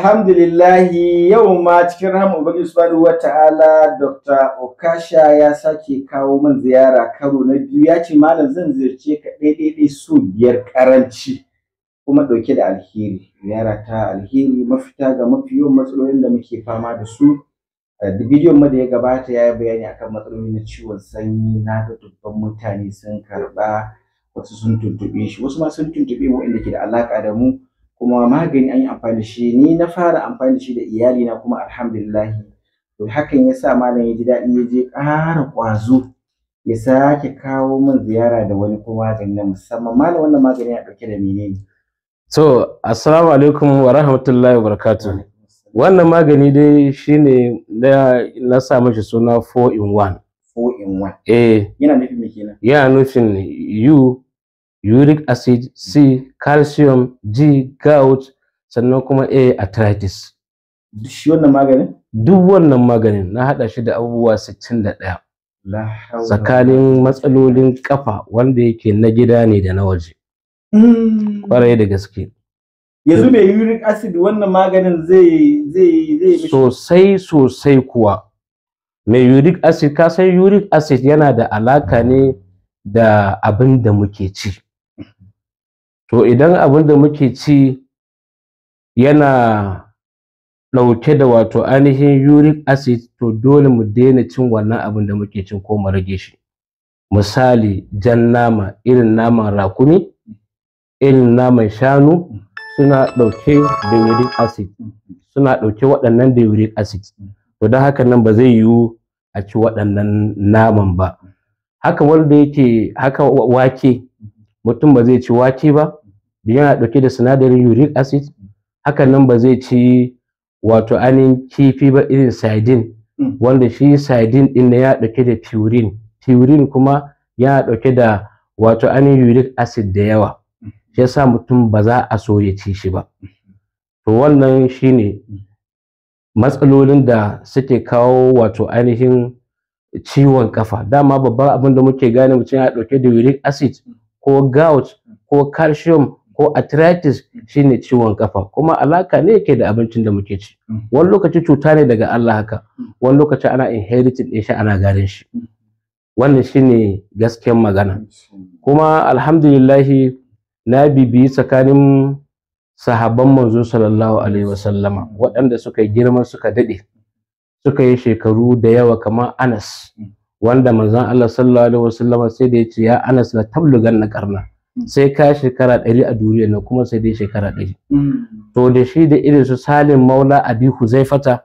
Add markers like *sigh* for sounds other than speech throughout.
Alhamdulillahi yau ma cikin rahama Ubangiji Subhanahu wa ta'ala Dr. Okasha ya sake kawo min ziyara karo na biyu ya ce malam zan ziyarce ka ɗaiɗaiɗai su biyar karanci kuma ɗauke da alheri ziyara ta alheri mafita ga mafi yawan matsalolin da muke fama da su da bidiyon ma da ya gabata ya yi bayani akan matsaloli na ciwon sanyi na ga dubban mutane sun karɓa wasu sun tuntuɓe shi wasu ma sun tuntuɓe mu ke da alaka da mu kuma magani an yi amfani da shi ni na fara amfani da shi da iyalina kuma alhamdulillah to hakan ya sa malam ya ji daɗi ya je ƙara ƙwazo ya sake kawo min ziyara da wani kuma magani na musamman malam wannan magani ya ɗauke da menene so assalamu alaikum wa rahmatullahi wa barakatuh wannan magani dai shine na na sa mashi suna 4 in 1 4 in 1 eh yana nufin me kenan yana nufin you uric acid c calcium g gout sannan kuma a arthritis shi wannan maganin duk wannan maganin na hada shi da abubuwa 61 tsakanin matsalolin kafa wanda yake na gida ne da na waje kwarai hmm. da gaske yanzu mai uric acid wannan maganin zai zai zai sosai sosai kuwa mai uric acid ka san uric acid yana da alaka ne da abin da muke ci to idan abin da muke ci yana ɗauke da wato ainihin uric acid to dole mu daina cin wannan abin da muke cin ko mu rage shi misali jan nama irin naman rakumi irin naman shanu suna ɗauke da uric acid suna ɗauke waɗannan da uric acid to don haka nan ba zai yiwu a ci waɗannan naman ba haka wanda yake haka wake mutum ba zai ci wake ba da yana ɗauke da sinadarin uric acid hakan nan ba zai ci wato anin kifi ba irin sardine hmm. wanda shi sardine din ya ɗauke da purine purine kuma yana ɗauke da wato anin uric acid da yawa hmm. shi yasa mutum ba za a so ya ci shi ba hmm. to wannan shine matsalolin da suke kawo wato ainihin ciwon kafa dama babban abin da muke gane mutum ya ɗauke da uric acid ko gout ko calcium ko arthritis mm. shine ciwon kafa kuma alaka ne yake da abincin da muke ci mm. wani lokaci cuta ne daga Allah haka mm. wani lokaci ana inherited din shi ana garin shi wannan shine gasken magana kuma alhamdulillah na bibiyi tsakanin sahabban manzo sallallahu alaihi wasallama waɗanda suka yi girma suka daɗe suka yi shekaru da yawa kamar Anas wanda manzon Allah sallallahu alaihi wasallama sai da ya ce ya Anas la tablugan na karna sai ka shekara ɗari a duniya nan kuma sai dai shekara ɗari mm. to da shi da irin su salim maula abi huzaifata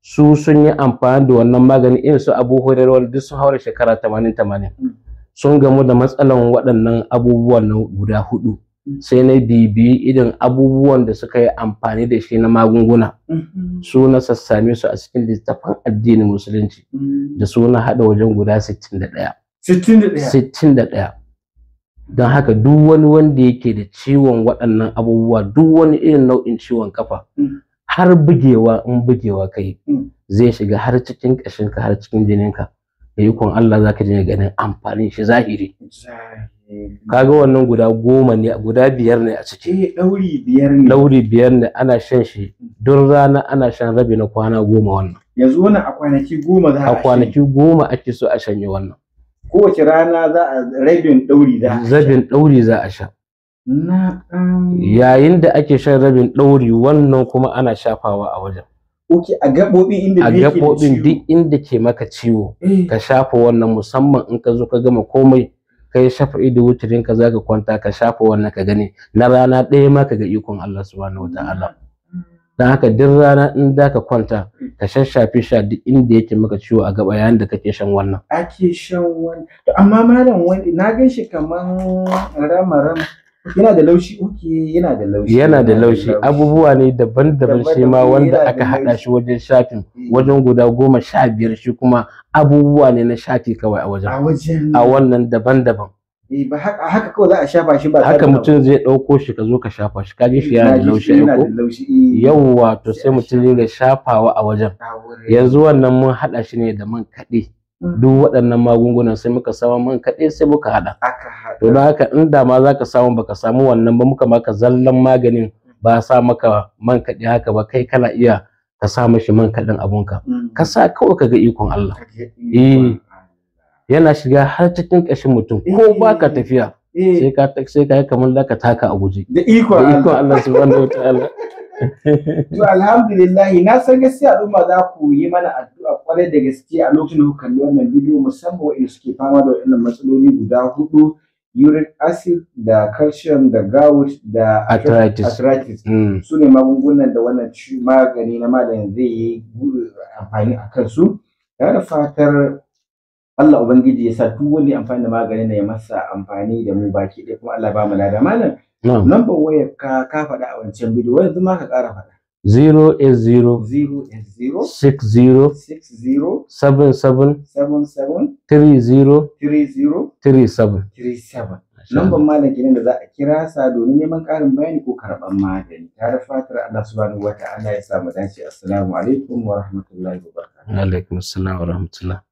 su sun yi amfani da wannan magani irin su abu hurairah duk sun haura shekara tamanin tamanin mm. sun gamu da matsalan waɗannan abubuwan nan guda hudu mm. sai na bibiyi irin abubuwan da suka yi amfani da shi na magunguna mm-hmm. su na sassame su a cikin littafin addinin musulunci da su na haɗa wajen guda 61 61 don haka duk wani wanda yake da ciwon waɗannan abubuwa duk wani irin nau'in ciwon kafa mm. har bugewa in bugewa kai mm. zai shiga har cikin ƙashinka har cikin jininka da ikon Allah zaka je ganin amfanin shi zahiri kaga wannan guda goma ne guda biyar ne a ciki eh, ɗauri biyar ne ɗauri biyar ne ana shan shi mm. duk rana ana shan rabi na kwana goma wannan yanzu wannan a kwanaki goma za a kwanaki goma ake so a shanye wannan kowace rana za a rabin ɗauri za a rabin ɗauri za a sha yayin da ake shan rabin ɗauri wannan kuma ana shafawa a wajen Oke a gaɓoɓi inda a gaɓoɓin duk inda ke maka ciwo eh. ka shafa wannan musamman in ka zo ka gama komai ka yi shafa ido wutirin ka zaka kwanta ka shafa wannan ka gani na rana ɗaya ma ka ga ikon Allah subhanahu wataala dan haka duk rana in zaka ka kwanta ka shashafe sha duk inda yake maka ciwo a gaba yayin da kake shan wannan ake shan wannan to amma malam wani na gan shi kaman rama rama yana da laushi uki yana da laushi yana da laushi abubuwa ne daban-daban shi ma wanda aka haɗa shi wajen shafin wajen guda goma sha biyar shi kuma abubuwa ne na shafi kawai a wajen a wannan daban-daban Eh, ba haka kawai za a shafa shi ba haka mutum zai ɗauko shi ka zo ka shafa shi kaji shi yana da laushi yana eh. yawwa to sai mutum zai shafawa a wajen yanzu wannan mun haɗa shi ne da man kaɗe mm. duk waɗannan magungunan sai muka samu man kaɗe sai muka haɗa to don haka in da ma za ka samu baka samu wannan ba muka maka zallan maganin ba sa maka man kaɗe haka ba kai kana iya ka sa mashi man kaɗin abunka mm. ka sa kawai ka ga ikon Allah eh yana shiga har cikin ƙashin mutum ko eh. baka tafiya eh. sai ka sai kai kamar da ka taka a guje da ikon Allah subhanahu ta'ala *laughs* to alhamdulillah na san gaskiya al'umma za ku yi mana addu'a kwarai da gaske a lokacin da kuka kalli wannan bidiyo musamman wa'in suke fama da wannan matsaloli guda hudu uric acid da calcium da gout da arthritis, arthritis. Hmm. su ne magungunan da wannan magani na malamin zai yi eh, amfani a su da fatar Allah ubangiji ya sa duk wani amfani da maganin ya masa amfani da mu baki ɗaya kuma Allah ba mu lada malam number waya ka ka faɗa a wancan bidiyo wani zuma ka ƙara faɗa 0806077773037 lambar malam kenan da za a kira sa domin neman ƙarin bayani ko karɓar magani tare fatar Allah subhanahu wa ta'ala ya samu dace assalamu alaikum wa rahmatullahi wa barakatuh wa alaikum assalam wa rahmatullahi